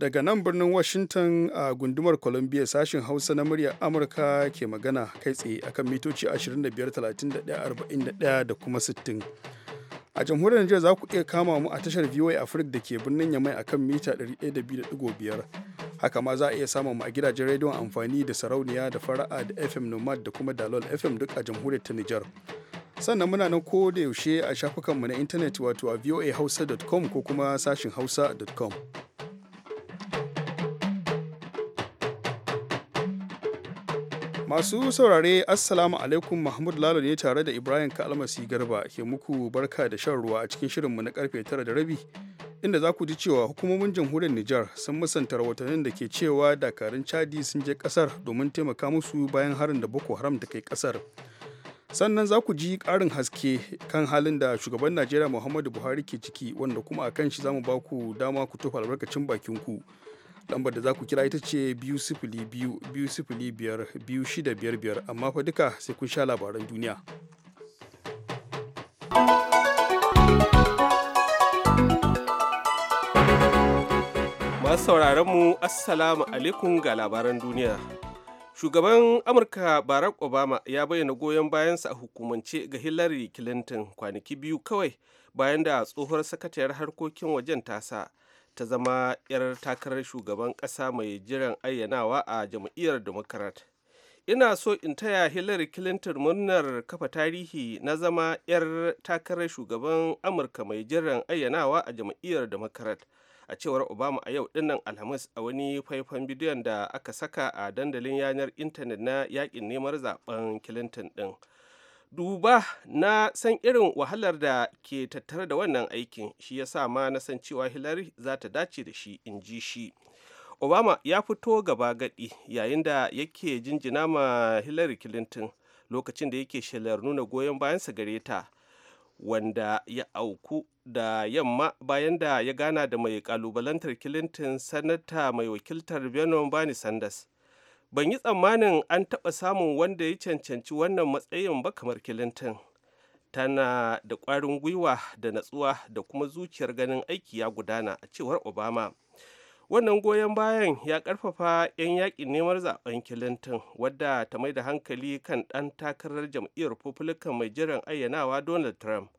daga nan birnin washington a gundumar columbia sashin hausa na muryar amurka ke magana kai tsaye akan mitoci 25 da kuma 60 a jamhuriyar nijar za ku iya kama mu a tashar voa africa da ke birnin yamai akan mita 102.5 haka ma za a iya samun mu a gidajen rediyon amfani da sarauniya da fara'a da fm nomad da kuma dalol fm duk a jamhuriyar ta nijar sannan muna nan ko da yaushe a shafukanmu na intanet wato a voahausa.com ko kuma sashin hausa.com Masu saurare Assalamu alaikum Mahmud Lalo ne tare da Ibrahim Kalmasi Garba ke muku barka da shan ruwa a cikin shirinmu na karfe tara da rabi inda za ku ji cewa hukumomin jamhuriyar Nijar sun musanta rahotannin da ke cewa dakarun Chadi sun je kasar domin taimaka musu bayan harin da Boko Haram ta kai kasar. Sannan za ku ji ƙarin haske kan halin da shugaban Najeriya Muhammadu Buhari ke ciki wanda kuma a kan shi za mu ba ku dama ku tofa albarkacin bakin ku. lambar da za ku kira ita ce biyu sifili biyu biyu sifili biyar biyu shida biyar biyar amma fa duka sai kun sha labaran duniya masu sauraron mu assalamu alaikum ga labaran duniya shugaban amurka barack obama ya bayyana goyon bayansa a hukumance ga hillary clinton kwanaki biyu kawai bayan da tsohuwar sakatayar harkokin wajen tasa ta zama 'yar takarar shugaban ƙasa mai jiran ayyanawa a jam'iyyar democrat ina so in taya hillary clinton murnar kafa tarihi na zama 'yar takarar shugaban amurka mai jiran ayyanawa a jam'iyyar democrat a cewar obama a yau dinnan alhamis a wani faifan bidiyon da aka saka a dandalin yanar intanet na yakin neman zaben clinton din. duba na san irin wahalar da ke tattare da wannan aikin shi ya sa ma na san cewa hillary za ta dace da shi in ji shi obama ya fito gaba gadi yayin da yake jinjina ma hillary clinton lokacin da yake shelar nuna goyon bayansa gare ta wanda ya auku da yamma bayan da ya gana da mai kalubalantar clinton sanata mai wakiltar benin bani sanders ban yi tsammanin an taɓa samun wanda ya cancanci wannan matsayin ba kamar clinton tana da ƙwarin gwiwa da natsuwa da kuma zuciyar ganin aiki ya gudana a cewar obama wannan goyon bayan ya ƙarfafa 'yan yaƙin neman zaɓen clinton wadda ta mai da hankali kan ɗan takarar jam'iyyar republican mai jiran ayyanawa donald trump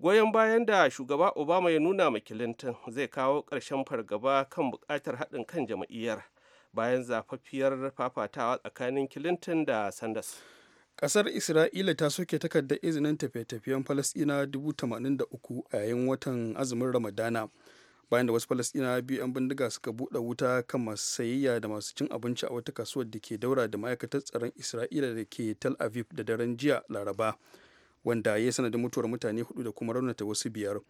goyon bayan da shugaba obama ya nuna ma clinton zai kawo ƙarshen fargaba kan buƙatar haɗin kan jam'iyyar bayan zafaffiyar fafatawa tsakanin clinton da sanders kasar isra'ila ta soke takardar izinin tafiye-tafiyen falasɗina 83 a yayin watan azumin ramadana bayan da wasu falasɗina biyu 'yan bindiga suka buɗe wuta kan masu sayayya da masu cin abinci a wata kasuwar da ke daura da ma'aikatar tsaron isra'ila da ke tel aviv da daren jiya laraba wanda ya sanadin mutuwar mutane hudu da kuma raunata wasu biyar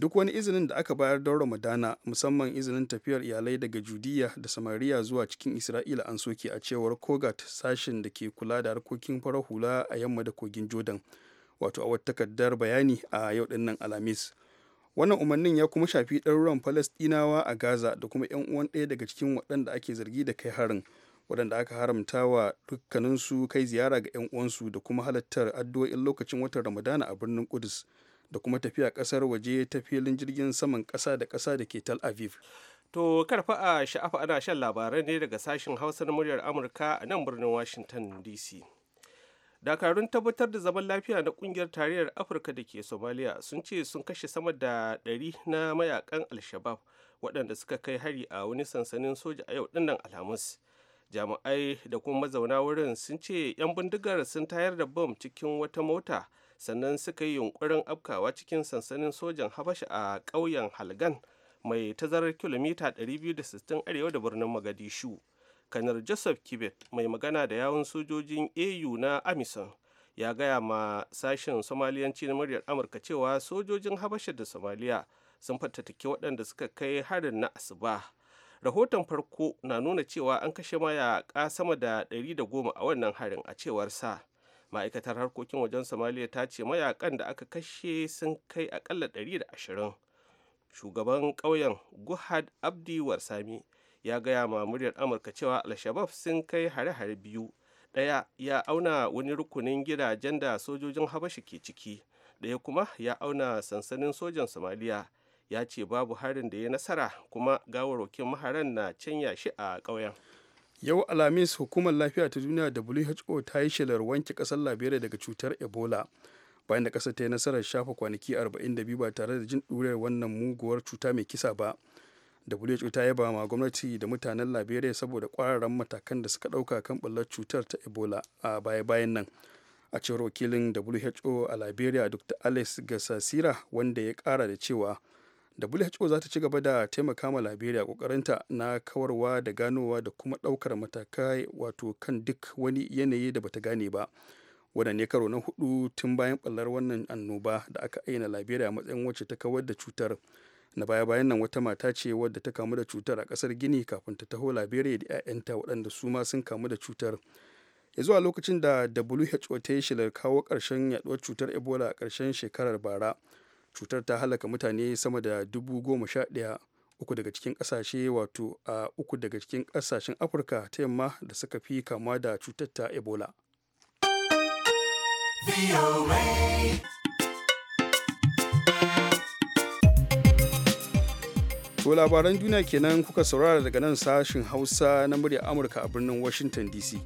duk wani izinin da aka bayar don ramadana musamman izinin tafiyar iyalai daga judiya da samariya zuwa cikin isra'ila an soke a cewar kogat sashen da ke kula da harkokin farar hula a yamma da kogin jordan wato a wata takardar bayani a yau dinnan alhamis wannan umarnin ya kuma shafi ɗaruran falastinawa a gaza da kuma yan uwan ɗaya daga cikin waɗanda ake zargi da kai harin waɗanda aka haramta wa dukkaninsu kai ziyara ga yan uwansu da kuma halattar addu'o'in lokacin watan ramadana a birnin kudus da kuma tafiya kasar waje ta filin jirgin saman kasa da kasa da ke Tel Aviv. To karfa a sha'afa ana shan labarai ne daga sashen Hausa na muryar Amurka a nan birnin Washington DC. Dakarun tabbatar da zaman lafiya na kungiyar tarayyar Afirka da ke somaliya sun ce sun kashe sama da ɗari na mayakan Al-Shabab waɗanda suka kai hari a wani sansanin soja a yau dinnan Alhamis. Jami'ai da kuma mazauna wurin sun ce 'yan bindigar sun tayar da bom cikin wata mota sannan suka yi yunkurin afkawa cikin sansanin sojan habasha a ƙauyen halgan mai tazarar kilomita 260 arewa da birnin magadishu kanar joseph kibet mai magana da yawun sojojin au na amison ya gaya ma sashen somaliyanci na muryar amurka cewa sojojin habasha da somaliya sun fatattaki waɗanda suka kai harin na asuba rahoton farko na nuna cewa an kashe maya mayaka sama da 110 a wannan harin a cewar sa ma'aikatar harkokin wajen somaliya ta ce mayakan da aka kashe sun kai akalla 120 shugaban ƙauyen guhad abdi warsami ya gaya ma muryar amurka cewa al-shabab sun kai hare-hare biyu ɗaya ya auna wani rukunin gidajen da sojojin habasha ke ciki ɗaya kuma ya auna sansanin sojan somaliya ya ce babu harin da ya nasara kuma gawarwakin maharan na canya shi a ƙauyen yau alhamis hukumar lafiya ta duniya who ta yi shelar wanke kasar liberia daga cutar ebola bayan da kasar ta yi nasarar shafa kwanaki 42 ba tare da jin ɗurewar wannan muguwar cuta mai kisa ba who ta yaba ma gwamnati da mutanen liberia saboda kwararan matakan da suka ɗauka kan ɓullar cutar ta ebola a baya-bayan nan a cewar wakilin who a liberia dr alex gasasira wanda ya ƙara da cewa who za ta ci gaba da taimaka ma liberia kokarinta na kawarwa da ganowa da kuma ɗaukar matakai wato kan duk wani yanayi da bata gane ba wannan ne karo na hudu tun bayan ɓallar wannan annoba da aka aina liberia matsayin wacce ta kawar da cutar na baya bayan nan wata mata ce wadda ta kamu da cutar a kasar gini kafin ta taho liberia da 'ya'yanta waɗanda su ma sun kamu da cutar ya zuwa lokacin da who ta yi shelar kawo karshen yaduwar cutar ebola a karshen shekarar bara cutar ta halaka mutane sama da dubu goma sha ɗaya uku daga cikin ƙasashe wato a uku daga cikin ƙasashen afirka ta yamma da suka fi kama da cutar ta ebola To labaran duniya kenan kuka saurara daga nan sashin Hausa na murya Amurka a birnin Washington DC.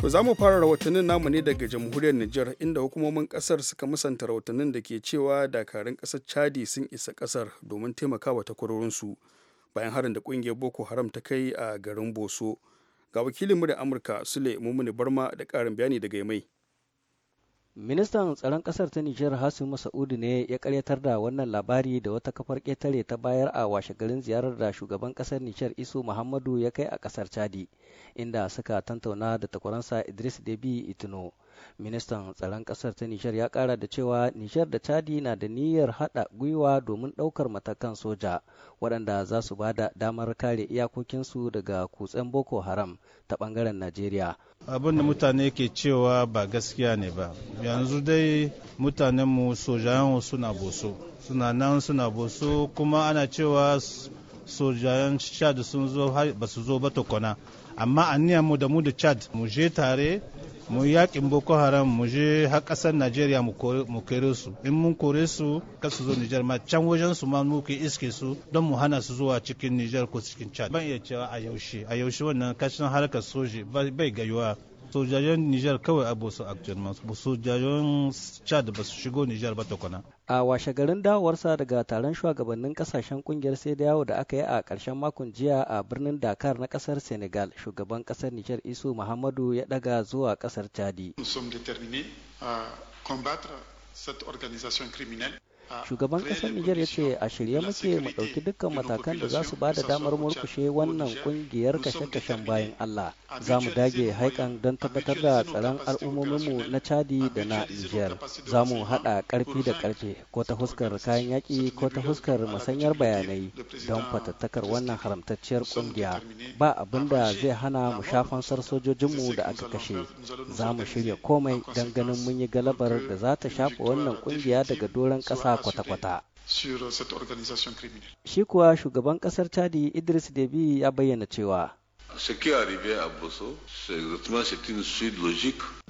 To za mu fara rahotannin namu ne daga jamhuriyar Nijar inda hukumomin kasar suka musanta rahotannin da ke cewa dakarun kasar Chadi sun isa kasar domin taimakawa takwarorinsu bayan harin da kungiyar Boko Haram ta kai a garin Boso. Ga wakilinmu da Amurka Sule Mumuni Barma da ƙarin bayani daga mai. Ministan tsaron ƙasar ta Nijar hasimu Masa'udu ne ya karyatar da wannan labari da wata kafar ƙetare ta bayar a washe garin ziyarar da shugaban ƙasar Nijar Isu Muhammadu ya kai a ƙasar Chadi, inda suka tantauna da takwaransa Idris Debi Itino. Ministan tsaron ƙasar ta nishar ya kara da cewa nishar da Chadi na da niyyar haɗa gwiwa domin ɗaukar matakan soja waɗanda za su ba da damar kare iyakokinsu daga kutsen Boko Haram ta bangaren Najeriya. Abin da mutane ke cewa ba gaskiya ne ba. Yanzu dai mutanenmu sojayen suna boso. Suna nan suna boso kuma ana cewa sojayen chad sun zo ba su zo ba tukuna amma niyan mu da mu da chad mu je tare mu yakin boko haram mu je har kasar nigeria mu kere su in mun kore su kar su zo nijar ma can wajen su ma ke iske su don mu hana su zuwa cikin nijar ko cikin chad ban iya cewa a yaushe a yaushe wannan kashin harkar soji bai gayuwa sojajen nijar kawai abu su actuellement sojajen chad ba su shigo nijar ba tukuna a washegarin dawowarsa daga taron shugabannin kasashen kungiyar sai da yawo da aka yi a ƙarshen makon jiya a birnin dakar na ƙasar senegal shugaban ƙasar nijar isu muhammadu ya daga zuwa ƙasar chadi cette organisation criminelle shugaban kasar nijar ya ce a shirye muke mu ɗauki dukkan matakan da za su ba da damar murkushe wannan kungiyar kashe-kashen bayan allah za mu dage haikan don tabbatar da tsaron al'ummominmu na chadi da na nijar za mu haɗa ƙarfi da ƙarfe ko ta huskar kayan yaƙi ko ta huskar masanyar bayanai don fatattakar wannan haramtacciyar kungiya ba abin da zai hana mu shafansar sojojinmu da aka kashe za mu shirya komai don ganin mun yi galabar da za ta shafa wannan kungiya daga doron ƙasa kwata-kwata. Shi kuwa shugaban kasar Chadi Idris Deby ya bayyana cewa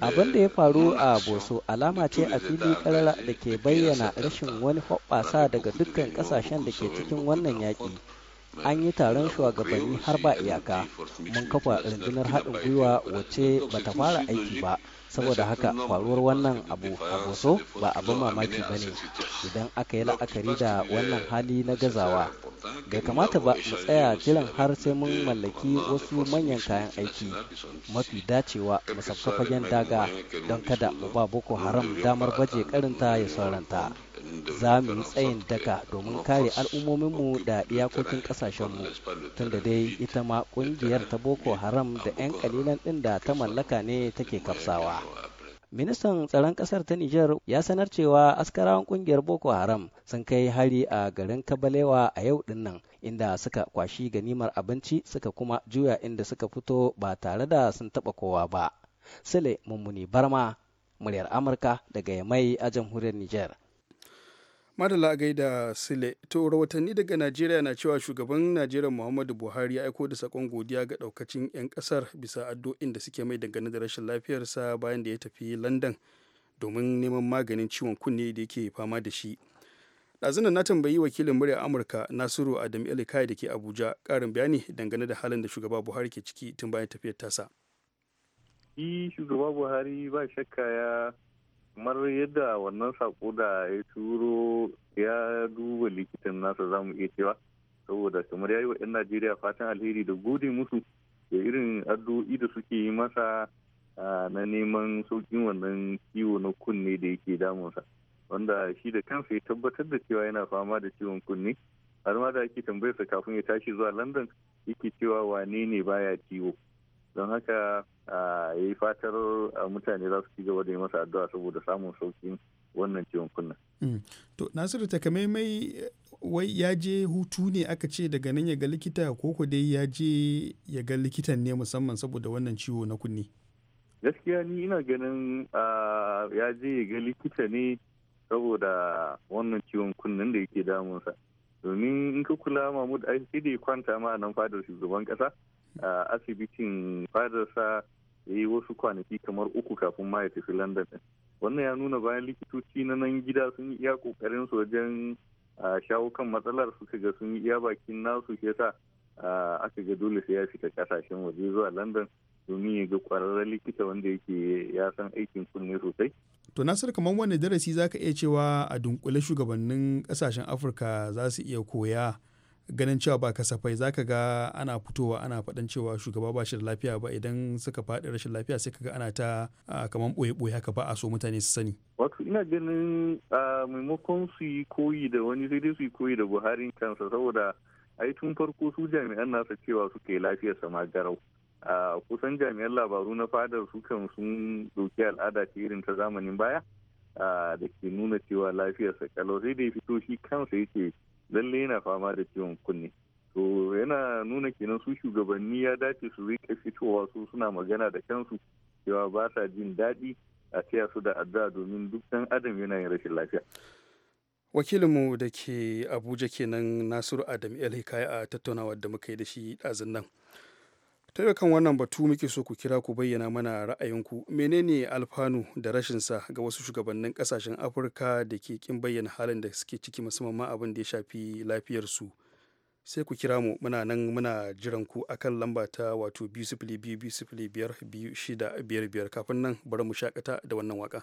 Abin da ya faru a Boso alama ce a fili karara da ke bayyana rashin wani hoɓɓasa daga dukkan kasashen da ke cikin wannan yaƙi. An yi taron shugabanni har ba iyaka, mun kafa rundunar haɗin gwiwa wacce bata fara aiki ba. saboda haka faruwar wannan abu a boso ba abin mamaki ba ne idan aka yi la'akari da wannan hali na gazawa bai kamata ba mu tsaya jiran har sai mun mallaki wasu manyan kayan aiki mafi dacewa mu fagen daga don kada mu ba boko haram damar baje karinta ya sauranta za mu yi tsayin daka domin kare al'ummominmu da iyakokin kasashenmu tunda dai ita ma kungiyar ta boko haram da 'yan kalilan ɗin da ta mallaka ne take kafsawa ministan tsaron kasar ta Nijar ya sanar cewa askarawan kungiyar Boko Haram sun kai hari a garin Kabalewa a yau din nan inda suka kwashi ganimar abinci suka kuma juya inda suka fito ba tare da sun taba kowa ba. Sule Mummuni Barma, muryar Amurka daga Yamai a jamhuriyar Nijar. madala gaida sile to rahotanni daga najeriya na cewa shugaban najeriya muhammadu buhari ya aiko da sakon godiya ga daukacin 'yan kasar bisa addu'o'in da suke mai dangane da rashin lafiyarsa bayan da ya tafi london domin neman maganin ciwon kunne da yake fama da shi ɗazunan na tambayi wakilin murya amurka nasiru adam elikai da ke abuja ƙarin bayani dangane da halin da shugaba buhari ke ciki tun bayan tafiyar tasa shugaba buhari ba shakka ya kamar yadda wannan sako da ya turo ya duba likitan nasa za mu iya cewa saboda kamar ya wa 'yan najeriya fatan alheri da gode musu da irin addu'o'i da suke yi masa na neman saukin wannan ciwo na kunne da yake damunsa wanda shi da kansa ya tabbatar da cewa yana fama da ciwon kunne har ma da ake tambayarsa kafin ya tashi zuwa london yake cewa wane ne baya ciwo don haka ya yi fatar mutane za su ci gaba da yi masa addu'a saboda samun saukin wannan ciwon kunna. Mm. to nasiru takamaimai wai ya je hutu ne aka ce daga nan ya ga likita ko ko dai ya je ya ga likitan ne musamman saboda wannan ciwo na kunni. gaskiya ni ina ganin ya je ya ga likita ne saboda wannan ciwon kunnen da yake damunsa domin in ka kula mahmud ai sai da ya kwanta ma nan fadar shugaban kasa asibitin fadarsa ya yi wasu kwanaki kamar uku kafin ma ya tafi london din wannan ya nuna bayan likitoci na nan gida sun yi iya kokarin su wajen shawo kan matsalar suka ga sun yi iya bakin nasu shi yasa aka ga dole sai ya fita kasashen waje zuwa london domin ya ga kwararren likita wanda yake ya san aikin kunne sosai to nasir kamar wani darasi zaka iya cewa a dunkule shugabannin kasashen afirka za su iya koya ganin cewa ba kasafai za ka ga ana fitowa ana faɗan cewa shugaba ba shi da lafiya ba idan suka faɗi rashin lafiya sai ka ga ana ta kamar ɓoye-ɓoye haka ba a so mutane su sani. Wato ina ganin maimakon su yi koyi da wani sai dai su yi koyi da Buhari kansa saboda ai tun farko su jami'an nasa cewa suke lafiyarsa ma garau. a kusan jami'an labaru na fadar su kan sun ɗauki al'ada ce irin ta zamanin baya da ke nuna cewa lafiyarsa kalau sai dai fito shi kansa yake lalle yana fama da ciwon kunne to yana nuna kenan su shugabanni ya dace su riƙe fitowa su suna magana da kansu cewa ba sa jin daɗi a taya su da addu'a domin duk ɗan adam yana yin rashin lafiya wakilinmu da ke abuja kenan nasiru adam el hikaya a tattaunawar da muka yi da shi ɗazun nan ta kan wannan batu muke so ku kira ku bayyana mana ra'ayinku menene alfanu da rashinsa ga wasu shugabannin kasashen afirka da ke kin bayyana halin da suke ciki musamman ma abin da ya shafi lafiyarsu sai ku kira mu muna nan muna jiran ku akan lamba ta wato biyu sifili biyu biyu sifili biyar biyu shida biyar biyar kafin nan bari mu shakata da wannan waka.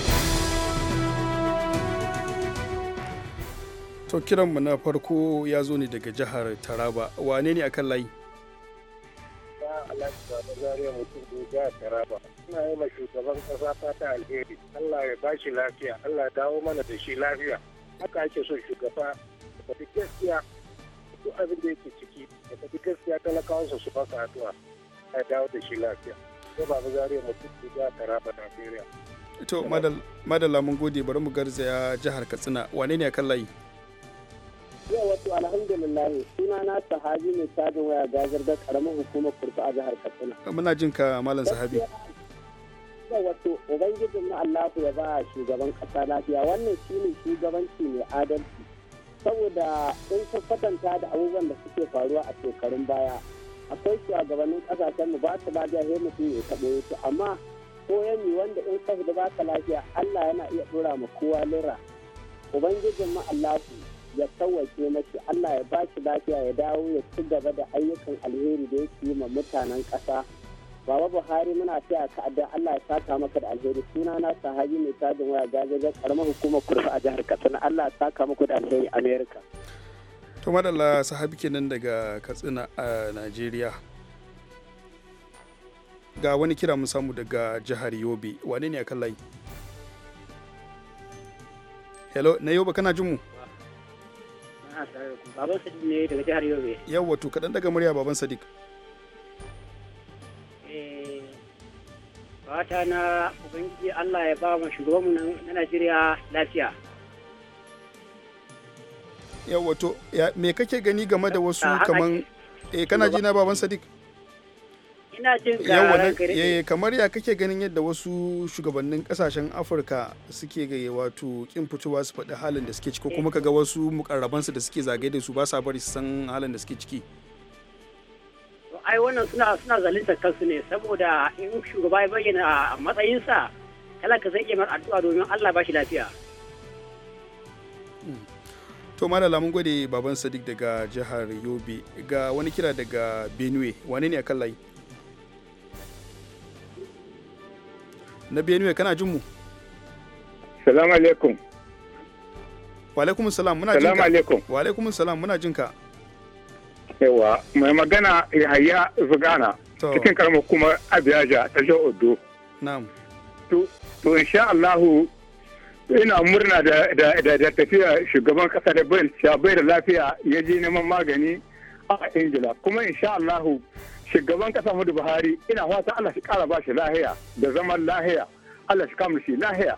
To kiranmu na farko ya zo ne daga jihar Taraba. Wane ne akan layi? mutum Taraba. Ina yi ma shugaban kasa fata alheri. Allah ya bashi lafiya. Allah ya dawo mana da shi lafiya. Haka ake son shugaba. Ka fi gaskiya duk abin da yake ciki. Ka fi gaskiya talakawansa su su addu'a. Ya dawo da shi lafiya. Sai Baba Zariya mutum ne jihar Taraba Najeriya. To madalla mun gode bari mu garzaya jihar Katsina. Wane ne akan layi? Yau wato alhamdulillah suna na sahabi mai cajin waya gajar da karamar hukumar kurfa a jihar Katsina. Eh, muna jin ka malam sahabi. Yau wato ubangijin na Allahu ya ba shugaban kasa lafiya wannan shine shugabanci mai adalci. Saboda in ka kwatanta da abubuwan da suke faruwa a shekarun baya akwai shugabannin kasashen mu ba su lafiya sai mutum ya kaɗe su amma ko yanni wanda in ka da ba ka lafiya Allah yana iya ɗora ma kowa lura. Ubangijin ma Allahu ya sauwake mashi Allah ya bashi lafiya ya dawo ya ci gaba da ayyukan alheri da yake yi ma mutanen ƙasa. Baba Buhari muna fiya ka da Allah ya saka maka da alheri suna na sahabi mai tajin waya gajajen karamar hukumar kurfa a jihar Katsina Allah ya saka maka da alheri Amerika. To madalla sahabi kenan daga Katsina a Najeriya. Ga wani kira mun samu daga jihar Yobe wane ne a kan Hello, na Yobe kana jin mu? ana baban sadiq ne daga jihar yobe yawwa to kaɗan daga murya baban sadiq eh, fata na ubangiji allah ya ba mu shugabanmu na najeriya lafiya yawwa to me kake gani game da wasu kaman eh kana ji na baban sadiq ina jin ga eh, kamar ya kake ganin yadda wasu shugabannin kasashen afirka suke ga wato kin fitowa su faɗi halin da suke ciki eh. kuma kaga wasu mukarrabansu da suke zagaye da su ba sa bari su san halin da suke ciki ai wannan suna suna zalunta kansu ne saboda in shugaba ya bayyana matsayinsa talaka zai iya mara addu'a domin Allah ba shi lafiya hmm. to malala mun gode baban sadiq daga jihar yobe ga wani kira daga benue wane ne a kan layi na benue kana jin mu salamu alaikum wa salam muna jin ka alaikum wa salam muna jin ka yawa mai magana ya haya zugana cikin karamar kuma abiyaja ta jihar odo na'am to to insha Allahu ina murna da tafiya shugaban kasa da bai da lafiya ya je neman magani a ingila kuma insha Allahu shugaban kasa mu Buhari ina fata Allah shi kara bashi lahiya da zaman lahiya Allah shi kamar shi lahiya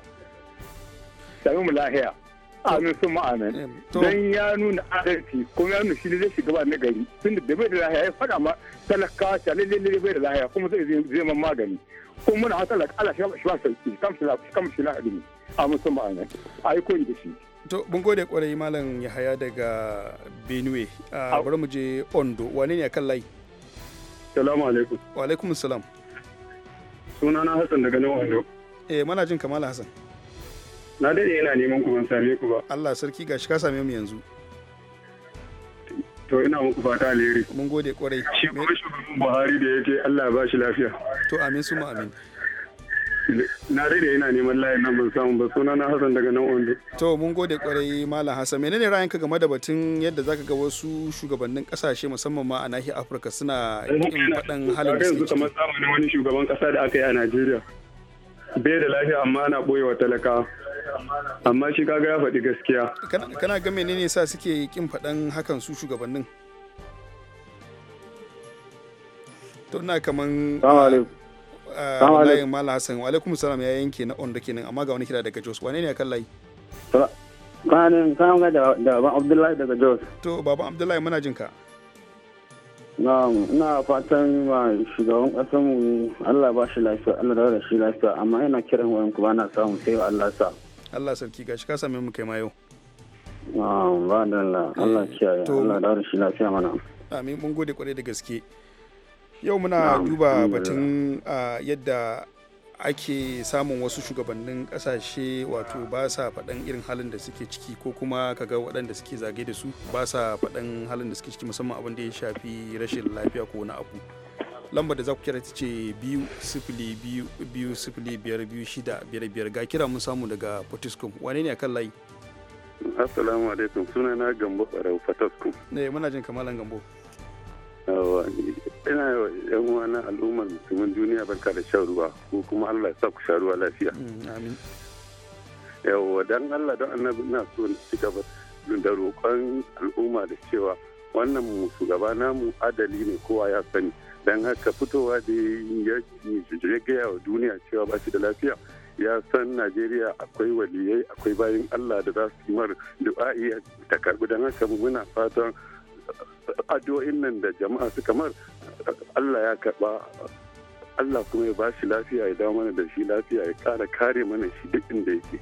sami mu lahiya amin sun ma'amin don ya nuna adalci kuma ya nuna shi ne zai shugaba na gari tun da bai da lahiya ya faɗa ma talakawa ta lalle bai da lahiya kuma zai zai man magani kuma muna hasa Allah shi ba sauki kama shi kamar shi lahiya amin sun ma'amin a yi koyi da shi. to mun gode kwarai malam yahaya daga benue bari mu je ondo wane ne a kan layi. Salamu alaikum. Wa alaikum salam. Sunana Hassan daga nan Wando. Eh mana jin kamala Hassan. Na dade yana neman ku ban same ku ba. Allah sarki gashi ka same mu yanzu. To ina muku fata alheri. Mun gode kwarai. Shi kuma shugaban Buhari da ya ce Allah ba shi lafiya. To amin su amin. na daidai yana neman layin nan ban samu ba suna na Hassan daga nan Ondo. To mun gode kwarai Malam Hassan menene ra'ayinka game da batun yadda zaka ga wasu shugabannin kasashe musamman ma a nahiyar Afirka suna yin faɗan halin da suke. kamar zamanin wani shugaban kasa da aka yi a Najeriya. Bai da lafiya amma ana wa talaka Amma shi kaga ya faɗi gaskiya. Kana ga menene sa suke kin faɗan hakan su shugabannin? To kaman. Assalamu alaikum. layin mala Hassan wa alaikum salam ya yanke na onda kenan amma ga wani kira daga Jos wane ne kan layi kanin kan ga da baban Abdullahi daga Jos to baban Abdullahi muna jin ka na fatan ma shugaban ƙasar mu Allah ba shi lafiya Allah da shi lafiya amma yana kiran wayan ku bana samu sai Allah sa Allah sarki gashi ka same mu kai ma yau ba da Allah Allah eh, kiyaye Allah da shi lafiya mana amin mun gode kwarai da gaske yau muna duba batun ah, yadda ake samun wasu shugabannin kasashe wato ba sa faɗan irin halin da suke ciki ko kuma kaga waɗanda suke zage da su ba sa faɗan halin da suke ciki musamman abin da ya shafi rashin lafiya ko wani abu lambar da za ku kira ta ce biyu sifili biyu biyu sifili biyar biyu shida biyar biyar ga kira mun samu daga potiskum wane ne akan layi assalamu alaikum suna na gambo barau potiskum ne eh, muna jin kamalan gambo ina dukkanin al'ummar musulmin duniya barka da shan ruwa ko kuma Allah ya sa ku sha ruwa lafiya. Mm, Yawwa dan Allah don annabi ina so na ci gaba da roƙon al'umma da cewa wannan musu shugaba namu adali ne kowa ya sani dan haka fitowa da ya gaya wa duniya cewa ba shi da lafiya ya san najeriya akwai waliyai akwai bayan allah da za su yi mar du'a'i ta karbi don haka muna fatan addu'o'in nan da jama'a su kamar Allah ya karɓa Allah kuma ya bashi shi lafiya ya dawo mana da shi lafiya ya ƙara kare mana shi duk inda yake.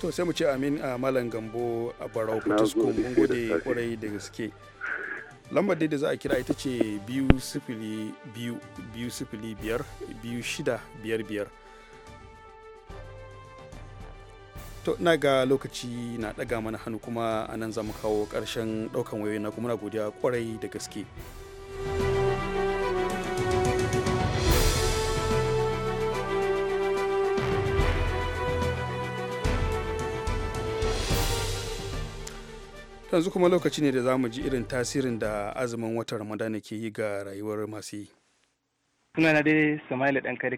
To sai mu ce amin a Malam Gambo a Barau Kutuskun mun gode kwarai da gaske. Lambar dai da za a kira ita ce biyu sifili biyu biyu sifili biyar biyu shida biyar biyar. To na ga lokaci na ɗaga mana hannu kuma a nan kawo ƙarshen ɗaukan wayoyi na kuma na godiya kwarai da gaske. yanzu kuma lokaci ne da za mu ji irin tasirin da azumin watan ramadana ke yi ga rayuwar masu yi sunana dai sama'ila dan kare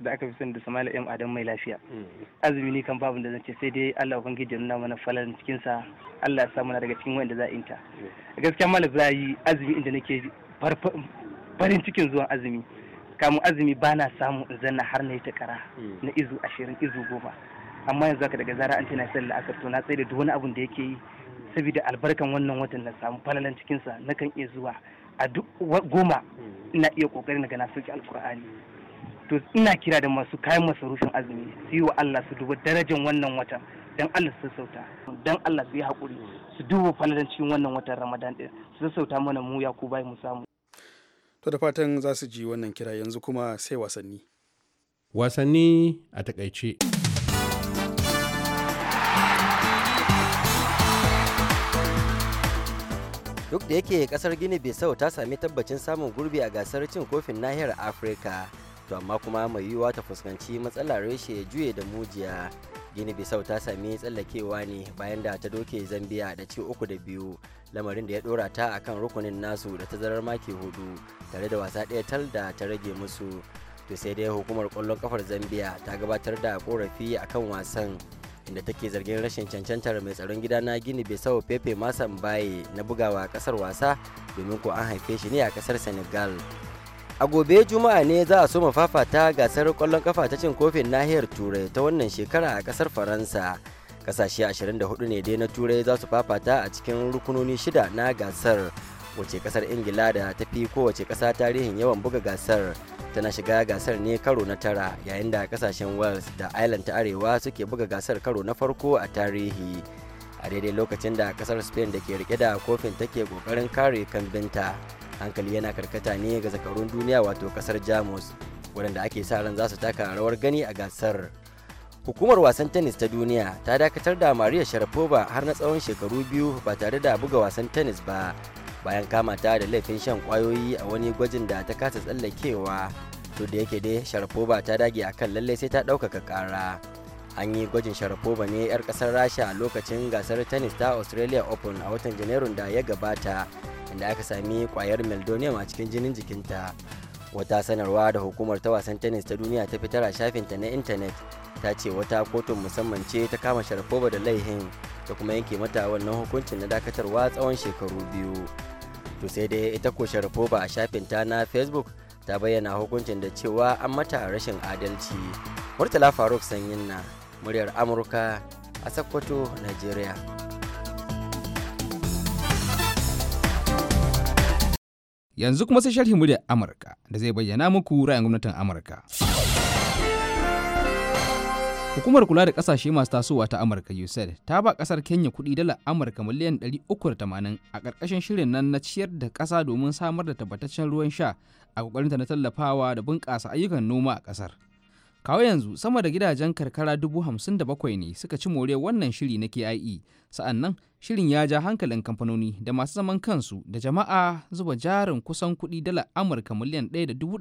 da aka fi sani da sama'ila yan adam mai lafiya mm. azumi ne kan babu da zance sai dai allah ubangiji nuna mana falon cikin sa allah ya samu na daga cikin wanda za a inta mm. gaskiya malam za yi azumi inda nake farin cikin zuwan azumi kamun azumi ba na samu in zanna har na yi ta kara mm. na izu ashirin izu goma amma yanzu haka daga zara an tana sallah asar to na tsaye da duk wani abun da yake yi saboda albarkan wannan watan na samu falalan cikinsa na kan iya zuwa a duk goma hmm. ina iya kokarin na gana sauki alkur'ani to ina kira da masu kayan masarufin azumi su yi wa Allah su duba darajan wannan watan dan Allah su sauta dan Allah su yi haƙuri, su duba falalan cikin wannan watan Ramadan din su sauta mana mu ya ku bai mu samu to da fatan za su ji wannan kira yanzu kuma sai wasanni wasanni a takaice duk da yake kasar gini bisau ta sami tabbacin samun gurbi a gasar cin kofin nahiyar afirka to amma kuma mai yiwuwa ta fuskanci matsalar reshe juye da mujiya gini bisau ta sami tsallakewa ne bayan da ta doke zambia da ci uku da biyu lamarin da ya dora ta akan rukunin nasu da tazarar maki hudu tare da wasa ɗaya tal da ta rage musu to sai dai hukumar kwallon kafar zambia ta gabatar da korafi akan wasan inda take zargin rashin cancantar mai tsaron gida na gini sau pepe masan baye na bugawa a kasar wasa domin ko an haife shi ne a kasar senegal a gobe juma'a ne za a soma fafata gasar kwallon kafa ta cin kofin nahiyar turai ta wannan shekara a kasar faransa kasashe 24 ne dai na turai za su fafata a cikin rukunoni shida na gasar wace kasar ingila da ta fi kowace kasa tarihin yawan buga gasar tana shiga gasar ne karo na tara yayin da kasashen wales da ireland ta arewa suke buga gasar karo na farko a tarihi a daidai lokacin da kasar spain da ke rike da kofin take kokarin kare kambinta hankali yana karkata ne ga zakarun duniya wato kasar jamus wadanda ake sa ran za su taka rawar gani a gasar hukumar wasan tennis ta duniya ta dakatar da maria sharapova har na tsawon shekaru biyu ba tare da buga wasan tennis ba bayan kama ta da laifin shan kwayoyi a wani gwajin da ta kasa tsallakewa to da yake dai sharafoba ta dage a kan lallai sai ta ɗaukaka ƙara an yi gwajin sharafoba ne 'yar ƙasar rasha a lokacin gasar tennis ta australia open a watan janairun da ya gabata inda aka sami kwayar meldonium a cikin jinin jikinta wata sanarwa da hukumar ta wasan tennis ta duniya ta fitar a shafinta na intanet ta ce wata kotun musamman ce ta kama sharafoba da laihin ta kuma yanke mata wannan hukuncin na dakatarwa tsawon shekaru biyu to sai dai ita ko sharafova a shafinta na facebook ta bayyana hukuncin da cewa an mata rashin adalci murtala faruk sanyin na muryar amurka a sakkwato nigeria yanzu kuma sai sharhi muryar amurka da zai bayyana muku ra'ayin gwamnatin amurka Hukumar kula da kasashe masu tasowa ta Amurka USAID ta ba kasar Kenya kuɗi dala Amurka miliyan 380 a ƙarƙashin shirin nan na ciyar da ƙasa domin samar da tabbataccen ruwan sha a ƙoƙarinta na tallafawa da bunƙasa ayyukan noma a ƙasar. Kawo yanzu sama da gidajen karkara dubu hamsin da bakwai ne suka ci more wannan shiri na KIE, sa'annan shirin ya ja hankalin kamfanoni da masu zaman kansu da jama'a zuba jarin kusan kuɗi dala Amurka miliyan ɗaya da dubu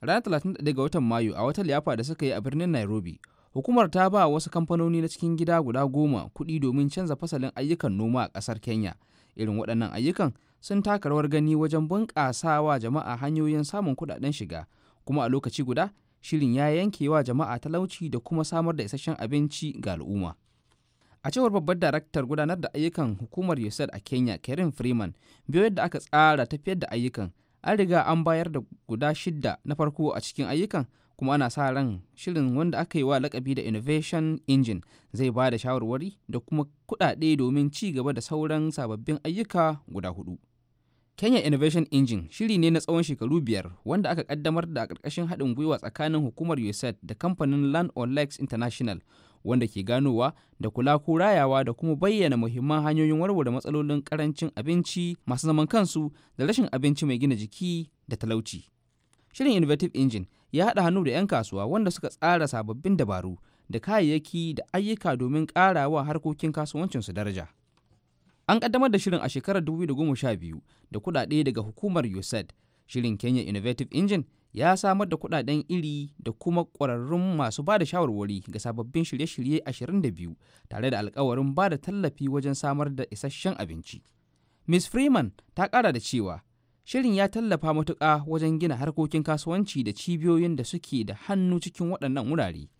ranar 31 ga watan mayu a wata liyafa da suka yi a birnin nairobi hukumar ta ba wasu kamfanoni na cikin gida guda goma kuɗi domin canza fasalin ayyukan noma a ƙasar kenya irin waɗannan ayyukan sun taka rawar gani wajen bunƙasawa jama'a hanyoyin samun kuɗaɗen shiga kuma a lokaci guda shirin ya yankewa jama'a talauci da kuma samar da isasshen abinci ga al'umma a cewar babbar daraktar gudanar da ayyukan hukumar usaid a kenya karen freeman biyo yadda aka tsara tafiyar da ayyukan an riga an bayar da guda shidda na farko a cikin ayyukan kuma ana sa ran shirin wanda aka yi wa lakabi da innovation engine zai ba da shawarwari da kuma kudade domin ci gaba da sauran sababbin ayyuka guda hudu kenya innovation engine shiri ne na tsawon shekaru biyar wanda aka kaddamar da a ƙarƙashin haɗin gwiwa tsakanin hukumar usaid da kamfanin land on lakes international wanda ke ganowa da kula ko rayawa da kuma bayyana muhimman hanyoyin warware matsalolin karancin abinci masu zaman kansu da rashin abinci mai gina jiki da talauci. Shirin Innovative Engine ya haɗa hannu da 'yan kasuwa wanda suka tsara sababbin dabaru da kayayyaki da ayyuka domin ƙarawa harkokin kasuwancinsu daraja. An ƙaddamar da shirin a shekarar 2012 da kuɗaɗe daga hukumar USAID. Shirin Kenya Innovative Engine ya samar da kuɗaɗen iri da kuma ƙwararrun masu ba da shawarwari ga sababbin shirye-shirye 22 tare da alkawarin ba da tallafi wajen samar da isasshen abinci. Ms. Freeman ta ƙara da cewa shirin ya tallafa matuƙa wajen gina harkokin kasuwanci da cibiyoyin da suke da hannu cikin waɗannan wurare.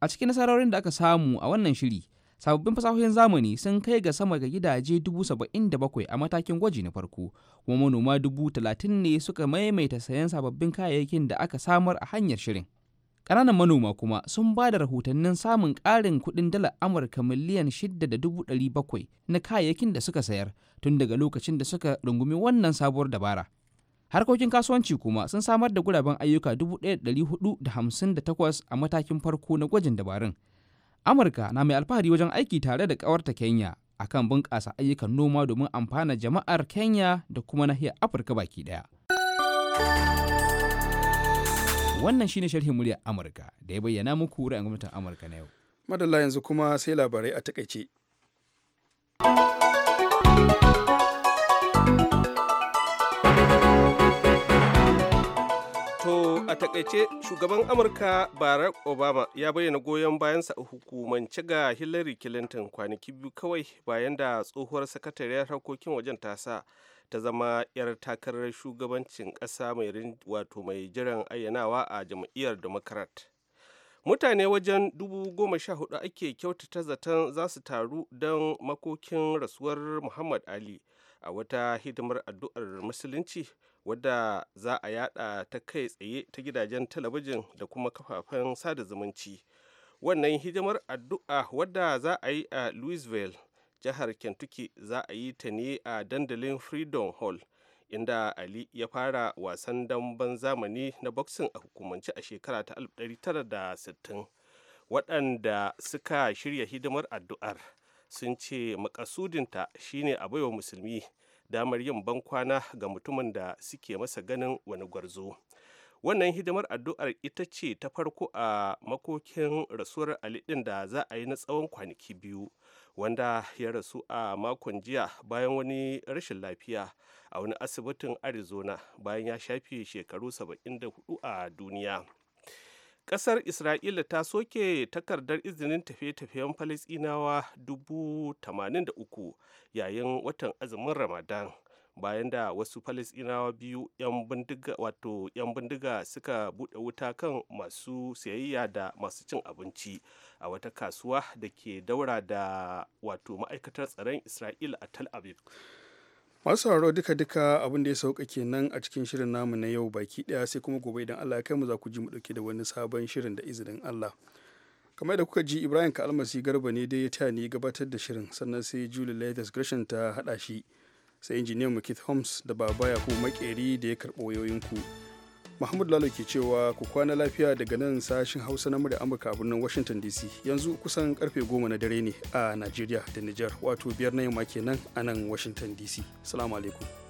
A cikin nasarorin da aka samu a wannan shiri, sababbin fasahohin zamani sun kai ga sama ga gidaje 77,000 a matakin gwaji na farko kuma manoma 30,000 ne suka maimaita sayan sababbin kayayyakin da aka samar a hanyar shirin ƙananan manoma kuma sun ba da rahotannin samun ƙarin kuɗin dalar amurka miliyan 6,700 na kayayyakin da suka sayar tun daga lokacin da suka rungumi wannan sabuwar dabara harkokin kasuwanci kuma sun samar da guraben ayyuka 1,458 a matakin farko na gwajin dabarun amurka na mai alfahari wajen aiki tare da ƙawarta kenya akan bunƙasa ayyukan noma domin amfana jama'ar kenya da kuma nahiyar afirka baki ɗaya wannan shine sharhin muryar amurka da ya bayyana muku ra'ayin gwamnatin amurka na yau madalla yanzu kuma sai labarai a takaice a takaice shugaban amurka barack obama ya bayyana goyon bayansa a hukumance ga hillary clinton kwanaki biyu kawai bayan da tsohuwar sakatariyar harkokin wajen tasa ta zama 'yar takarar shugabancin ƙasa mai rin wato mai jiran ayyanawa a jam'iyyar democrat mutane wajen dubu goma sha hudu ake kyautata zaton za su taru don makokin rasuwar muhammad ali a wata hidimar addu'ar musulunci wadda za a yada ta kai tsaye ta gidajen talabijin da kuma kafafen sada zumunci wannan hidimar addu'a wadda za a yi a louisville jihar kentucky za a yi ta ne a dandalin freedom hall inda ali ya fara wasan damban zamani na boxing a hukumance a shekara ta 1960 waɗanda suka shirya hidimar addu'ar sun ce makasudinta shine a baiwa musulmi damar yin bankwana ga mutumin da suke masa ganin wani gwarzo wannan hidimar addu'ar ita ce ta farko a makokin rasuwar ali ɗin da za a yi na tsawon kwanaki biyu wanda ya rasu a makon jiya bayan wani rashin lafiya a wani asibitin arizona bayan ya shafe shekaru 74 a duniya Ƙasar Isra'ila ta soke takardar izinin tafiye-tafiyen Falasɗinawa 83 yayin watan azumin Ramadan bayan da wasu falisinawa biyu 'yan bindiga wato 'yan bindiga suka buɗe wuta kan masu sayayya da masu cin abinci a wata kasuwa da ke daura da wato ma'aikatar tsaron Isra'ila a Tel Aviv. masu sauraro duka duka abin da ya sauka kenan a cikin shirin namu na yau baki daya sai kuma gobe idan Allah ya kai mu za ku ji mu dauke da wani sabon shirin da izinin Allah kamar da kuka ji Ibrahim Kalmasi Garba ne dai ya taya ni gabatar da shirin sannan sai Julie Leathers Gresham ta hada shi sai injiniyan mu Keith Holmes da baba Yakubu Makeri da ya karɓo wayoyinku ku Mahmud Lalo ke cewa ku kwana lafiya daga nan sashin Hausa na murya Amurka a birnin Washington DC. Yanzu kusan karfe goma na dare ne a Najeriya da Nijar wato biyar na yamma kenan a nan Washington DC. Salamu alaikum.